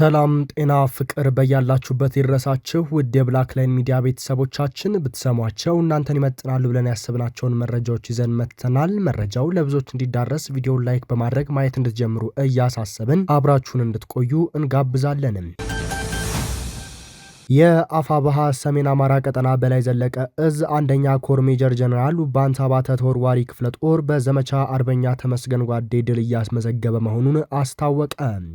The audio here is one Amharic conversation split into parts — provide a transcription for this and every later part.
ሰላም ጤና ፍቅር በያላችሁበት ይድረሳችሁ። ውድ የብላክ ላይን ሚዲያ ቤተሰቦቻችን ብትሰሟቸው እናንተን ይመጥናሉ ብለን ያስብናቸውን መረጃዎች ይዘን መጥተናል። መረጃው ለብዙዎች እንዲዳረስ ቪዲዮን ላይክ በማድረግ ማየት እንድትጀምሩ እያሳሰብን አብራችሁን እንድትቆዩ እንጋብዛለንም። የአፋባሃ ሰሜን አማራ ቀጠና በላይ ዘለቀ እዝ አንደኛ ኮር ሜጀር ጀነራል ባንታ አባተ ተወርዋሪ ክፍለ ጦር በዘመቻ አርበኛ ተመስገን ጓዴ ድል እያስመዘገበ መሆኑን አስታወቀ።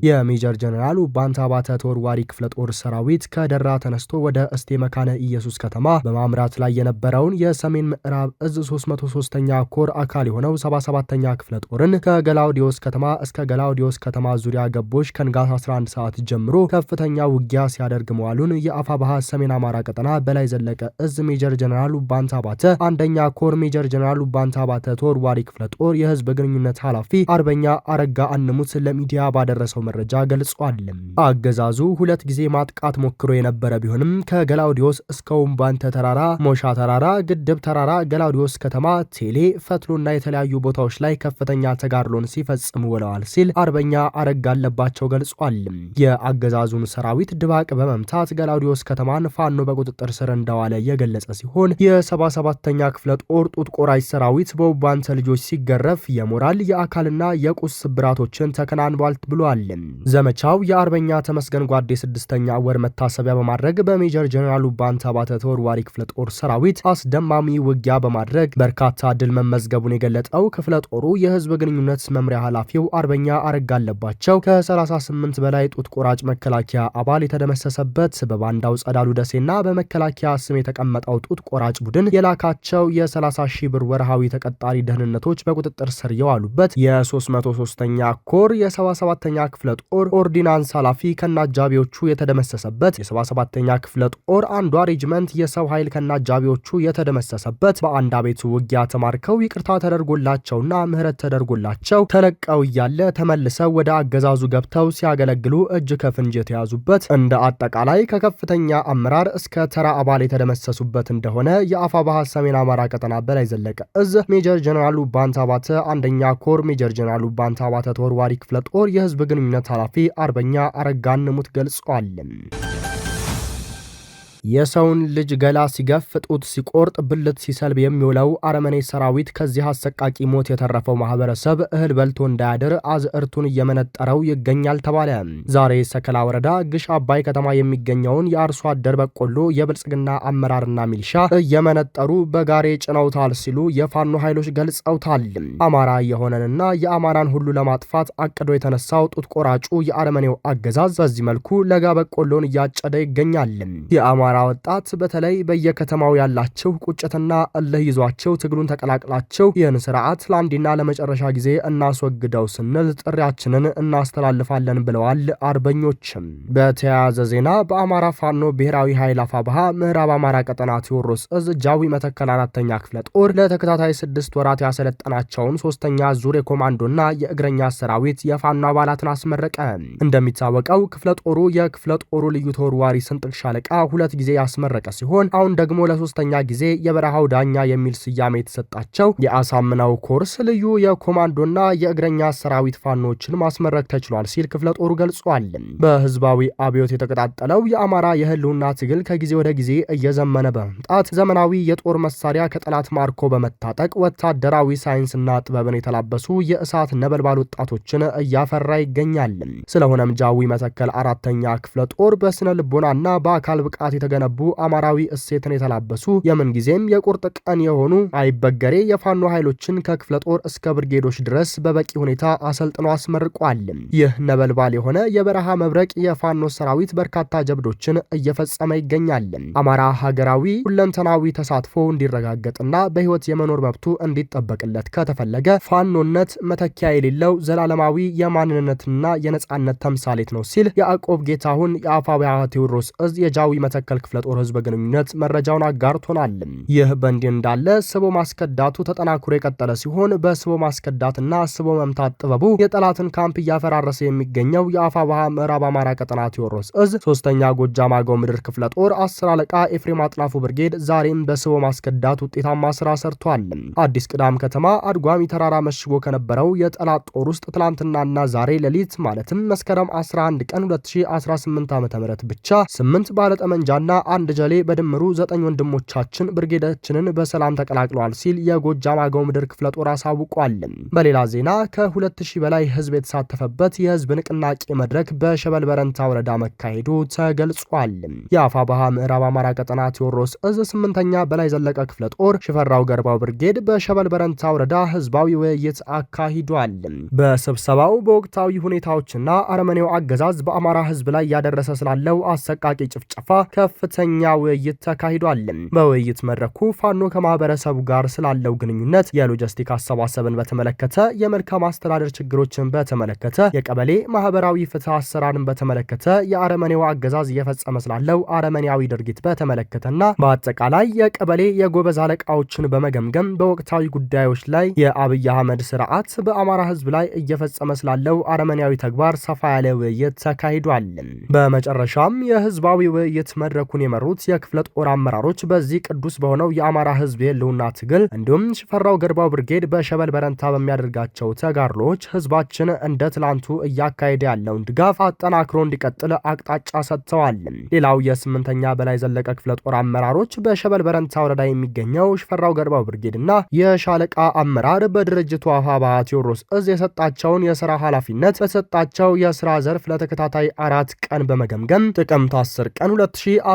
የሜጀር ጀነራሉ ባንታ ተወርዋሪ ክፍለ ጦር ሰራዊት ከደራ ተነስቶ ወደ እስቴ መካነ ኢየሱስ ከተማ በማምራት ላይ የነበረውን የሰሜን ምዕራብ እዝ 33 ኛ ኮር አካል የሆነው 77ኛ ክፍለ ጦርን ከገላውዲዮስ ከተማ እስከ ገላውዲዮስ ከተማ ዙሪያ ገቦች ከንጋት 11 ሰዓት ጀምሮ ከፍተኛ ውጊያ ሲያደርግ መዋሉን የአ አፋባሃ ሰሜን አማራ ቀጠና በላይ ዘለቀ እዝ ሜጀር ጀነራል ባንታ አንደኛ ኮር ሜጀር ጀነራል ባንታ አባተ ተወርዋሪ ክፍለ ጦር የህዝብ ግንኙነት ኃላፊ አርበኛ አረጋ አንሙት ለሚዲያ ባደረሰው መረጃ ገልጿል። አገዛዙ ሁለት ጊዜ ማጥቃት ሞክሮ የነበረ ቢሆንም ከገላውዲዮስ እስከ ውምባንተ ተራራ፣ ሞሻ ተራራ፣ ግድብ ተራራ፣ ገላውዲዮስ ከተማ፣ ቴሌ ፈትሎና የተለያዩ ቦታዎች ላይ ከፍተኛ ተጋድሎን ሲፈጽሙ ውለዋል ሲል አርበኛ አረጋ አለባቸው ገልጿል። የአገዛዙን ሰራዊት ድባቅ በመምታት ገላውዲዮስ ቴዎድሮስ ከተማን ፋኖ በቁጥጥር ስር እንደዋለ የገለጸ ሲሆን የ77ተኛ ክፍለ ጦር ጡት ቆራጭ ሰራዊት በውባንተ ልጆች ሲገረፍ የሞራል የአካልና የቁስ ስብራቶችን ተከናንቧል ብሏል። ዘመቻው የአርበኛ ተመስገን ጓዴ ስድስተኛ ወር መታሰቢያ በማድረግ በሜጀር ጀኔራል ውባንተ አባተ ተወርዋሪ ክፍለ ጦር ሰራዊት አስደማሚ ውጊያ በማድረግ በርካታ ድል መመዝገቡን የገለጠው ክፍለ ጦሩ የህዝብ ግንኙነት መምሪያ ኃላፊው አርበኛ አረጋ አለባቸው ከ38 በላይ ጡት ቆራጭ መከላከያ አባል የተደመሰሰበት በባ ባንዳው ጸዳሉ ደሴና በመከላከያ ስም የተቀመጠው ጡት ቆራጭ ቡድን የላካቸው የ30 ሺህ ብር ወርሃዊ ተቀጣሪ ደህንነቶች በቁጥጥር ስር የዋሉበት የ303ኛ ኮር የ77ኛ ክፍለ ጦር ኦርዲናንስ ኃላፊ ከናጃቢዎቹ የተደመሰሰበት የ77ኛ ክፍለ ጦር አንዷ ሬጅመንት የሰው ኃይል ከናጃቢዎቹ የተደመሰሰበት በአንድ አቤቱ ውጊያ ተማርከው ይቅርታ ተደርጎላቸውና ምህረት ተደርጎላቸው ተለቀው እያለ ተመልሰው ወደ አገዛዙ ገብተው ሲያገለግሉ እጅ ከፍንጅ የተያዙበት እንደ አጠቃላይ ከከፍ ከፍተኛ አመራር እስከ ተራ አባል የተደመሰሱበት እንደሆነ የአፋባሃ ሰሜን አማራ ቀጠና በላይ ዘለቀ እዝ ሜጀር ጀነራሉ ባንታባተ አንደኛ ኮር ሜጀር ጀነራሉ ባንታባተ ተወርዋሪ ክፍለ ጦር የህዝብ ግንኙነት ኃላፊ አርበኛ አረጋንሙት ገልጸዋል። የሰውን ልጅ ገላ ሲገፍ ጡት ሲቆርጥ ብልት ሲሰልብ የሚውለው አረመኔ ሰራዊት ከዚህ አሰቃቂ ሞት የተረፈው ማህበረሰብ እህል በልቶ እንዳያድር አዝእርቱን እየመነጠረው ይገኛል ተባለ። ዛሬ ሰከላ ወረዳ ግሽ አባይ ከተማ የሚገኘውን የአርሶ አደር በቆሎ የብልጽግና አመራርና ሚልሻ እየመነጠሩ በጋሬ ጭነውታል ሲሉ የፋኖ ኃይሎች ገልጸውታል። አማራ የሆነንና የአማራን ሁሉ ለማጥፋት አቅዶ የተነሳው ጡት ቆራጩ የአረመኔው አገዛዝ በዚህ መልኩ ለጋ በቆሎን እያጨደ ይገኛል። የአማራ የአማራ ወጣት በተለይ በየከተማው ያላቸው ቁጭትና እልህ ይዟቸው ትግሉን ተቀላቅላቸው ይህን ስርዓት ለአንዴና ለመጨረሻ ጊዜ እናስወግደው ስንል ጥሪያችንን እናስተላልፋለን ብለዋል። አርበኞችም በተያያዘ ዜና በአማራ ፋኖ ብሔራዊ ኃይል አፋብሃ ምዕራብ አማራ ቀጠና ቴዎድሮስ እዝ ጃዊ መተከል አራተኛ ክፍለ ጦር ለተከታታይ ስድስት ወራት ያሰለጠናቸውን ሶስተኛ ዙር የኮማንዶና የእግረኛ ሰራዊት የፋኖ አባላትን አስመረቀ። እንደሚታወቀው ክፍለ ጦሩ የክፍለ ጦሩ ልዩ ተወርዋሪ ስንጥቅ ሻለቃ ሁለት ጊዜ ጊዜ ያስመረቀ ሲሆን አሁን ደግሞ ለሶስተኛ ጊዜ የበረሃው ዳኛ የሚል ስያሜ የተሰጣቸው የአሳምናው ኮርስ ልዩ የኮማንዶና የእግረኛ ሰራዊት ፋኖችን ማስመረቅ ተችሏል ሲል ክፍለ ጦሩ ገልጿል። በህዝባዊ አብዮት የተቀጣጠለው የአማራ የህልውና ትግል ከጊዜ ወደ ጊዜ እየዘመነ በመምጣት ዘመናዊ የጦር መሳሪያ ከጠላት ማርኮ በመታጠቅ ወታደራዊ ሳይንስና ጥበብን የተላበሱ የእሳት ነበልባል ወጣቶችን እያፈራ ይገኛል። ስለሆነም ጃዊ መተከል አራተኛ ክፍለ ጦር በስነ ልቦናና በአካል ብቃት የተገ የተገነቡ አማራዊ እሴትን የተላበሱ የምንጊዜም የቁርጥ ቀን የሆኑ አይበገሬ የፋኖ ኃይሎችን ከክፍለ ጦር እስከ ብርጌዶች ድረስ በበቂ ሁኔታ አሰልጥኖ አስመርቋል። ይህ ነበልባል የሆነ የበረሃ መብረቅ የፋኖ ሰራዊት በርካታ ጀብዶችን እየፈጸመ ይገኛል። አማራ ሀገራዊ ሁለንተናዊ ተሳትፎ እንዲረጋገጥና በህይወት የመኖር መብቱ እንዲጠበቅለት ከተፈለገ ፋኖነት መተኪያ የሌለው ዘላለማዊ የማንነትና የነጻነት ተምሳሌት ነው ሲል የአቆብ ጌታሁን የአፋብሃ ቴዎድሮስ እዝ የጃዊ መተከል ክፍለ ጦር ህዝብ ግንኙነት መረጃውን አጋርቶናል። ይህ በእንዲህ እንዳለ ስቦ ማስከዳቱ ተጠናክሮ የቀጠለ ሲሆን በስቦ ማስከዳትና ስቦ መምታት ጥበቡ የጠላትን ካምፕ እያፈራረሰ የሚገኘው የአፋ ባህ ምዕራብ አማራ ቀጠና ቴዎድሮስ እዝ ሶስተኛ ጎጃም አገው ምድር ክፍለ ጦር አስር አለቃ ኤፍሬም አጥናፉ ብርጌድ ዛሬም በስቦ ማስከዳት ውጤታማ ስራ ሰርቷል። አዲስ ቅዳም ከተማ አድጓሚ ተራራ መሽጎ ከነበረው የጠላት ጦር ውስጥ ትላንትናና ዛሬ ሌሊት ማለትም መስከረም 11 ቀን 2018 ዓ ም ብቻ ስምንት ባለጠመንጃ አባትና አንድ ጀሌ በድምሩ ዘጠኝ ወንድሞቻችን ብርጌዳችንን በሰላም ተቀላቅለዋል ሲል የጎጃም አገው ምድር ክፍለ ጦር አሳውቋል። በሌላ ዜና ከ2000 በላይ ህዝብ የተሳተፈበት የህዝብ ንቅናቄ መድረክ በሸበልበረንታ ወረዳ መካሄዱ ተገልጿል። የአፋ ባሃ ምዕራብ አማራ ቀጠና ቴዎድሮስ እዝ ስምንተኛ በላይ ዘለቀ ክፍለ ጦር ሽፈራው ገርባው ብርጌድ በሸበልበረንታ ወረዳ ህዝባዊ ውይይት አካሂዷል። በስብሰባው በወቅታዊ ሁኔታዎችና አረመኔው አገዛዝ በአማራ ህዝብ ላይ ያደረሰ ስላለው አሰቃቂ ጭፍጨፋ ከፍ ከፍተኛ ውይይት ተካሂዷል። በውይይት መድረኩ ፋኖ ከማህበረሰቡ ጋር ስላለው ግንኙነት፣ የሎጂስቲክ አሰባሰብን በተመለከተ፣ የመልካም አስተዳደር ችግሮችን በተመለከተ፣ የቀበሌ ማህበራዊ ፍትህ አሰራርን በተመለከተ፣ የአረመኔው አገዛዝ እየፈጸመ ስላለው አረመኔያዊ ድርጊት በተመለከተና በአጠቃላይ የቀበሌ የጎበዝ አለቃዎችን በመገምገም በወቅታዊ ጉዳዮች ላይ የአብይ አህመድ ስርዓት በአማራ ህዝብ ላይ እየፈጸመ ስላለው አረመኔያዊ ተግባር ሰፋ ያለ ውይይት ተካሂዷል። በመጨረሻም የህዝባዊ ውይይት መድረ መድረኩን የመሩት የክፍለ ጦር አመራሮች በዚህ ቅዱስ በሆነው የአማራ ህዝብ የህልውና ትግል እንዲሁም ሽፈራው ገርባው ብርጌድ በሸበል በረንታ በሚያደርጋቸው ተጋድሎዎች ህዝባችን እንደ ትላንቱ እያካሄደ ያለውን ድጋፍ አጠናክሮ እንዲቀጥል አቅጣጫ ሰጥተዋል። ሌላው የስምንተኛ በላይ ዘለቀ ክፍለ ጦር አመራሮች በሸበል በረንታ ወረዳ የሚገኘው ሽፈራው ገርባው ብርጌድና የሻለቃ አመራር በድርጅቱ አፋባ ቴዎድሮስ እዝ የሰጣቸውን የስራ ኃላፊነት በተሰጣቸው የስራ ዘርፍ ለተከታታይ አራት ቀን በመገምገም ጥቅምት 10 ቀን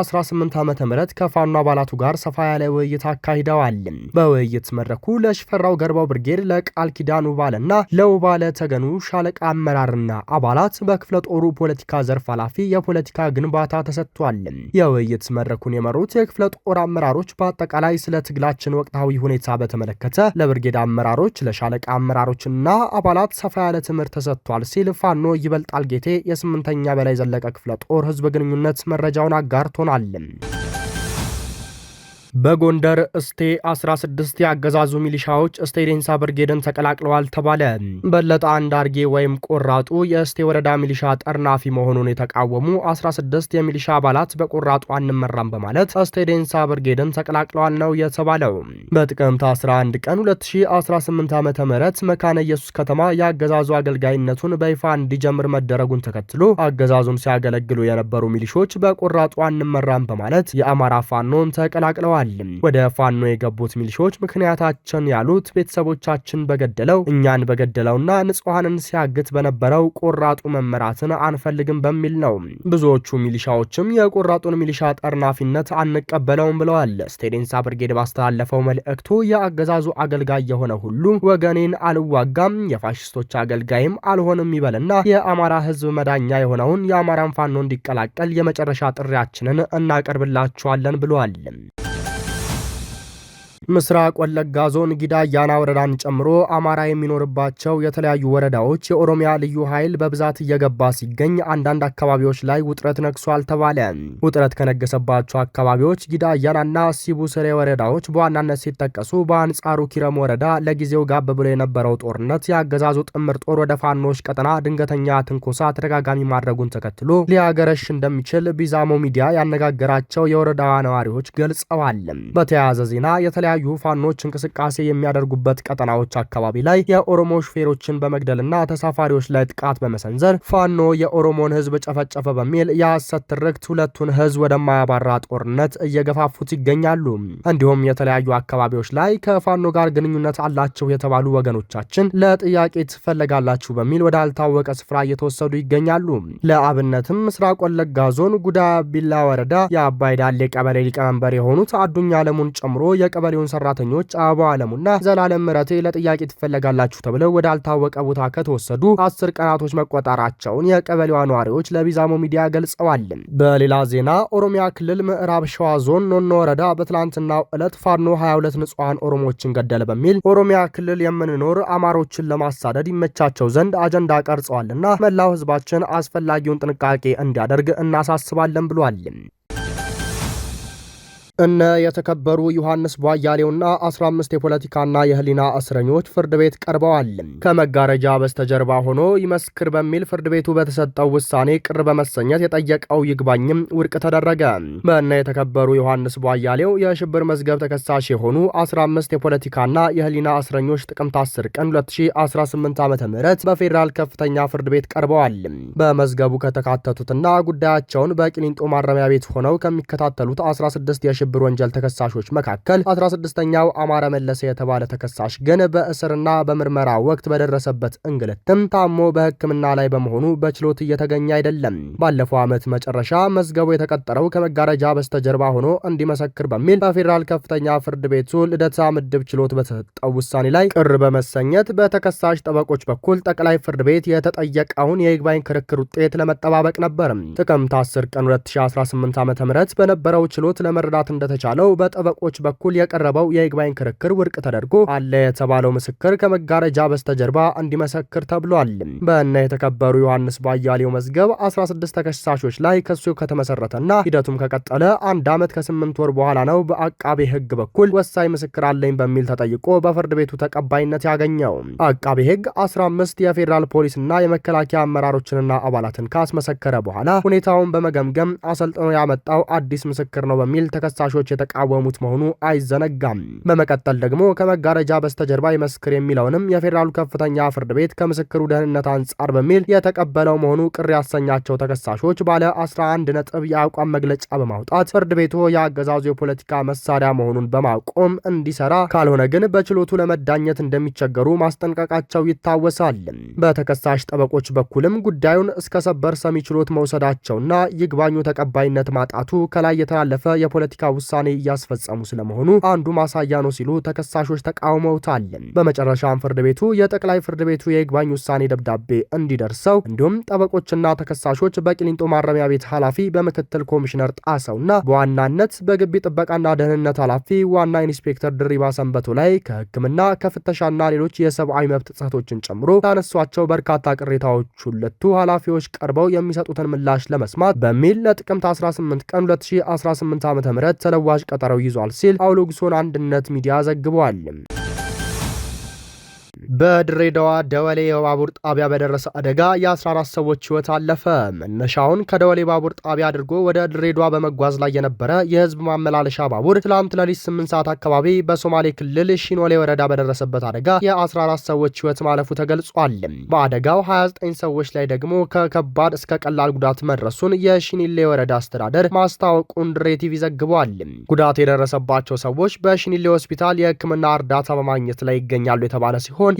20 18 ዓ ም ከፋኖ አባላቱ ጋር ሰፋ ያለ ውይይት አካሂደዋል። በውይይት መድረኩ ለሽፈራው ገርባው ብርጌድ፣ ለቃል ኪዳኑ ባለና ለውባለ ተገኑ ሻለቃ አመራርና አባላት በክፍለ ጦሩ ፖለቲካ ዘርፍ ኃላፊ የፖለቲካ ግንባታ ተሰጥቷል። የውይይት መድረኩን የመሩት የክፍለ ጦር አመራሮች በአጠቃላይ ስለ ትግላችን ወቅታዊ ሁኔታ በተመለከተ ለብርጌድ አመራሮች፣ ለሻለቃ አመራሮችና አባላት ሰፋ ያለ ትምህርት ተሰጥቷል ሲል ፋኖ ይበልጣል ጌቴ የስምንተኛ በላይ ዘለቀ ክፍለ ጦር ህዝብ ግንኙነት መረጃውን አጋርቶናል። ሆኗል። በጎንደር እስቴ 16 የአገዛዙ ሚሊሻዎች እስቴ ዴንሳ ብርጌድን ተቀላቅለዋል ተባለ። በለጠ አንድ አርጌ ወይም ቆራጡ የእስቴ ወረዳ ሚሊሻ ጠርናፊ መሆኑን የተቃወሙ 16 የሚሊሻ አባላት በቆራጡ አንመራም በማለት እስቴ ዴንሳ ብርጌድን ተቀላቅለዋል ነው የተባለው። በጥቅምት 11 ቀን 2018 ዓ ም መካነ ኢየሱስ ከተማ የአገዛዙ አገልጋይነቱን በይፋ እንዲጀምር መደረጉን ተከትሎ አገዛዙን ሲያገለግሉ የነበሩ ሚሊሾች በቆራጡ አንመራም በማለት የአማራ ፋኖን ተቀላቅለዋል። ብለዋል። ወደ ፋኖ የገቡት ሚሊሻዎች ምክንያታችን ያሉት ቤተሰቦቻችን በገደለው እኛን በገደለውና ንጹሐንን ሲያግት በነበረው ቆራጡ መመራትን አንፈልግም በሚል ነው። ብዙዎቹ ሚሊሻዎችም የቆራጡን ሚሊሻ ጠርናፊነት አንቀበለውም ብለዋል። ስቴዴንሳ ብርጌድ ባስተላለፈው መልእክቱ የአገዛዙ አገልጋይ የሆነ ሁሉ ወገኔን አልዋጋም የፋሽስቶች አገልጋይም አልሆንም ይበልና የአማራ ህዝብ መዳኛ የሆነውን የአማራን ፋኖ እንዲቀላቀል የመጨረሻ ጥሪያችንን እናቀርብላችኋለን ብለዋል። ምስራቅ ወለጋ ዞን ጊዳ አያና ወረዳን ጨምሮ አማራ የሚኖርባቸው የተለያዩ ወረዳዎች የኦሮሚያ ልዩ ኃይል በብዛት እየገባ ሲገኝ አንዳንድ አካባቢዎች ላይ ውጥረት ነግሷል ተባለ። ውጥረት ከነገሰባቸው አካባቢዎች ጊዳ አያናና ሲቡ ስሬ ወረዳዎች በዋናነት ሲጠቀሱ፣ በአንጻሩ ኪረም ወረዳ ለጊዜው ጋብ ብሎ የነበረው ጦርነት የአገዛዙ ጥምር ጦር ወደ ፋኖች ቀጠና ድንገተኛ ትንኮሳ ተደጋጋሚ ማድረጉን ተከትሎ ሊያገረሽ እንደሚችል ቢዛሞ ሚዲያ ያነጋገራቸው የወረዳዋ ነዋሪዎች ገልጸዋል። በተያያዘ ዜና የተለያ የተለያዩ ፋኖች እንቅስቃሴ የሚያደርጉበት ቀጠናዎች አካባቢ ላይ የኦሮሞ ሹፌሮችን በመግደልና ተሳፋሪዎች ላይ ጥቃት በመሰንዘር ፋኖ የኦሮሞን ህዝብ ጨፈጨፈ በሚል የሐሰት ትርክት ሁለቱን ህዝብ ወደማያባራ ጦርነት እየገፋፉት ይገኛሉ። እንዲሁም የተለያዩ አካባቢዎች ላይ ከፋኖ ጋር ግንኙነት አላቸው የተባሉ ወገኖቻችን ለጥያቄ ትፈለጋላችሁ በሚል ወዳልታወቀ ስፍራ እየተወሰዱ ይገኛሉ። ለአብነትም ምስራቅ ወለጋ ዞን ጉዳ ቢላ ወረዳ የአባይ ዳሌ ቀበሌ ሊቀመንበር የሆኑት አዱኛ አለሙን ጨምሮ የቀበሌው የሚሊዮን ሰራተኞች አበባ አለሙና ዘላለም ምረት ለጥያቄ ትፈለጋላችሁ ተብለው ወዳልታወቀ ቦታ ከተወሰዱ አስር ቀናቶች መቆጠራቸውን የቀበሌዋ ነዋሪዎች ለቢዛሞ ሚዲያ ገልጸዋል። በሌላ ዜና ኦሮሚያ ክልል ምዕራብ ሸዋ ዞን ኖኖ ወረዳ በትላንትናው ዕለት ፋኖ 22 ንጹሐን ኦሮሞዎችን ገደለ በሚል ኦሮሚያ ክልል የምንኖር አማሮችን ለማሳደድ ይመቻቸው ዘንድ አጀንዳ ቀርጸዋልና መላው ህዝባችን አስፈላጊውን ጥንቃቄ እንዲያደርግ እናሳስባለን ብሏል። እነ የተከበሩ ዮሐንስ ቧያሌውና 15 የፖለቲካና የህሊና እስረኞች ፍርድ ቤት ቀርበዋል። ከመጋረጃ በስተጀርባ ሆኖ ይመስክር በሚል ፍርድ ቤቱ በተሰጠው ውሳኔ ቅር በመሰኘት የጠየቀው ይግባኝም ውድቅ ተደረገ። በእነ የተከበሩ ዮሐንስ ቧያሌው የሽብር መዝገብ ተከሳሽ የሆኑ 15 የፖለቲካና የህሊና እስረኞች ጥቅምት 10 ቀን 2018 ዓ ም በፌዴራል ከፍተኛ ፍርድ ቤት ቀርበዋል። በመዝገቡ ከተካተቱትና ጉዳያቸውን በቅሊንጦ ማረሚያ ቤት ሆነው ከሚከታተሉት 16 የሽብር በሽብር ወንጀል ተከሳሾች መካከል 16ኛው አማረ መለሰ የተባለ ተከሳሽ ግን በእስርና በምርመራ ወቅት በደረሰበት እንግልትም ታሞ በሕክምና ላይ በመሆኑ በችሎት እየተገኘ አይደለም። ባለፈው ዓመት መጨረሻ መዝገቡ የተቀጠረው ከመጋረጃ በስተጀርባ ሆኖ እንዲመሰክር በሚል በፌዴራል ከፍተኛ ፍርድ ቤቱ ልደታ ምድብ ችሎት በተሰጠው ውሳኔ ላይ ቅር በመሰኘት በተከሳሽ ጠበቆች በኩል ጠቅላይ ፍርድ ቤት የተጠየቀውን የይግባኝ ክርክር ውጤት ለመጠባበቅ ነበር። ጥቅምት 10 ቀን 2018 ዓ ም በነበረው ችሎት ለመረዳት እንደተቻለው በጠበቆች በኩል የቀረበው የይግባኝ ክርክር ውድቅ ተደርጎ አለ የተባለው ምስክር ከመጋረጃ በስተጀርባ እንዲመሰክር ተብሏል። በእነ የተከበሩ ዮሐንስ ባያሌው መዝገብ 16 ተከሳሾች ላይ ክሱ ከተመሰረተና ሂደቱም ከቀጠለ አንድ ዓመት ከስምንት ወር በኋላ ነው በአቃቤ ሕግ በኩል ወሳኝ ምስክር አለኝ በሚል ተጠይቆ በፍርድ ቤቱ ተቀባይነት ያገኘው። አቃቤ ሕግ 15 የፌዴራል ፖሊስና የመከላከያ አመራሮችንና አባላትን ካስመሰከረ በኋላ ሁኔታውን በመገምገም አሰልጥኖ ያመጣው አዲስ ምስክር ነው በሚል ተከሳ ተከሳሾች የተቃወሙት መሆኑ አይዘነጋም። በመቀጠል ደግሞ ከመጋረጃ በስተጀርባ ይመስክር የሚለውንም የፌዴራሉ ከፍተኛ ፍርድ ቤት ከምስክሩ ደህንነት አንጻር በሚል የተቀበለው መሆኑ ቅር ያሰኛቸው ተከሳሾች ባለ 11 ነጥብ የአቋም መግለጫ በማውጣት ፍርድ ቤቱ የአገዛዙ የፖለቲካ መሳሪያ መሆኑን በማቆም እንዲሰራ ካልሆነ ግን በችሎቱ ለመዳኘት እንደሚቸገሩ ማስጠንቀቃቸው ይታወሳል። በተከሳሽ ጠበቆች በኩልም ጉዳዩን እስከ ሰበር ሰሚ ችሎት መውሰዳቸውና ይግባኙ ተቀባይነት ማጣቱ ከላይ የተላለፈ የፖለቲካ ውሳኔ እያስፈጸሙ ስለመሆኑ አንዱ ማሳያ ነው ሲሉ ተከሳሾች ተቃውመውታል። በመጨረሻም ፍርድ ቤቱ የጠቅላይ ፍርድ ቤቱ የይግባኝ ውሳኔ ደብዳቤ እንዲደርሰው እንዲሁም ጠበቆችና ተከሳሾች በቂሊንጦ ማረሚያ ቤት ኃላፊ በምክትል ኮሚሽነር ጣሰውና በዋናነት በግቢ ጥበቃና ደህንነት ኃላፊ ዋና ኢንስፔክተር ድሪባ ሰንበቱ ላይ ከሕክምና ከፍተሻና ሌሎች የሰብአዊ መብት ጥሰቶችን ጨምሮ ላነሷቸው በርካታ ቅሬታዎች ሁለቱ ኃላፊዎች ቀርበው የሚሰጡትን ምላሽ ለመስማት በሚል ለጥቅምት 18 ቀን 2018 ዓ.ም ተለዋጭ ቀጠሮ ይዟል ሲል አውሎግሶን አንድነት ሚዲያ ዘግቧል። በድሬዳዋ ደወሌ የባቡር ጣቢያ በደረሰ አደጋ የ14 ሰዎች ህይወት አለፈ። መነሻውን ከደወሌ ባቡር ጣቢያ አድርጎ ወደ ድሬዳዋ በመጓዝ ላይ የነበረ የህዝብ ማመላለሻ ባቡር ትላንት ለሊት 8 ሰዓት አካባቢ በሶማሌ ክልል ሺኖሌ ወረዳ በደረሰበት አደጋ የ14 ሰዎች ህይወት ማለፉ ተገልጿል። በአደጋው 29 ሰዎች ላይ ደግሞ ከከባድ እስከ ቀላል ጉዳት መድረሱን የሽኒሌ ወረዳ አስተዳደር ማስታወቁን ድሬ ቲቪ ዘግቧል። ጉዳት የደረሰባቸው ሰዎች በሽኒሌ ሆስፒታል የህክምና እርዳታ በማግኘት ላይ ይገኛሉ የተባለ ሲሆን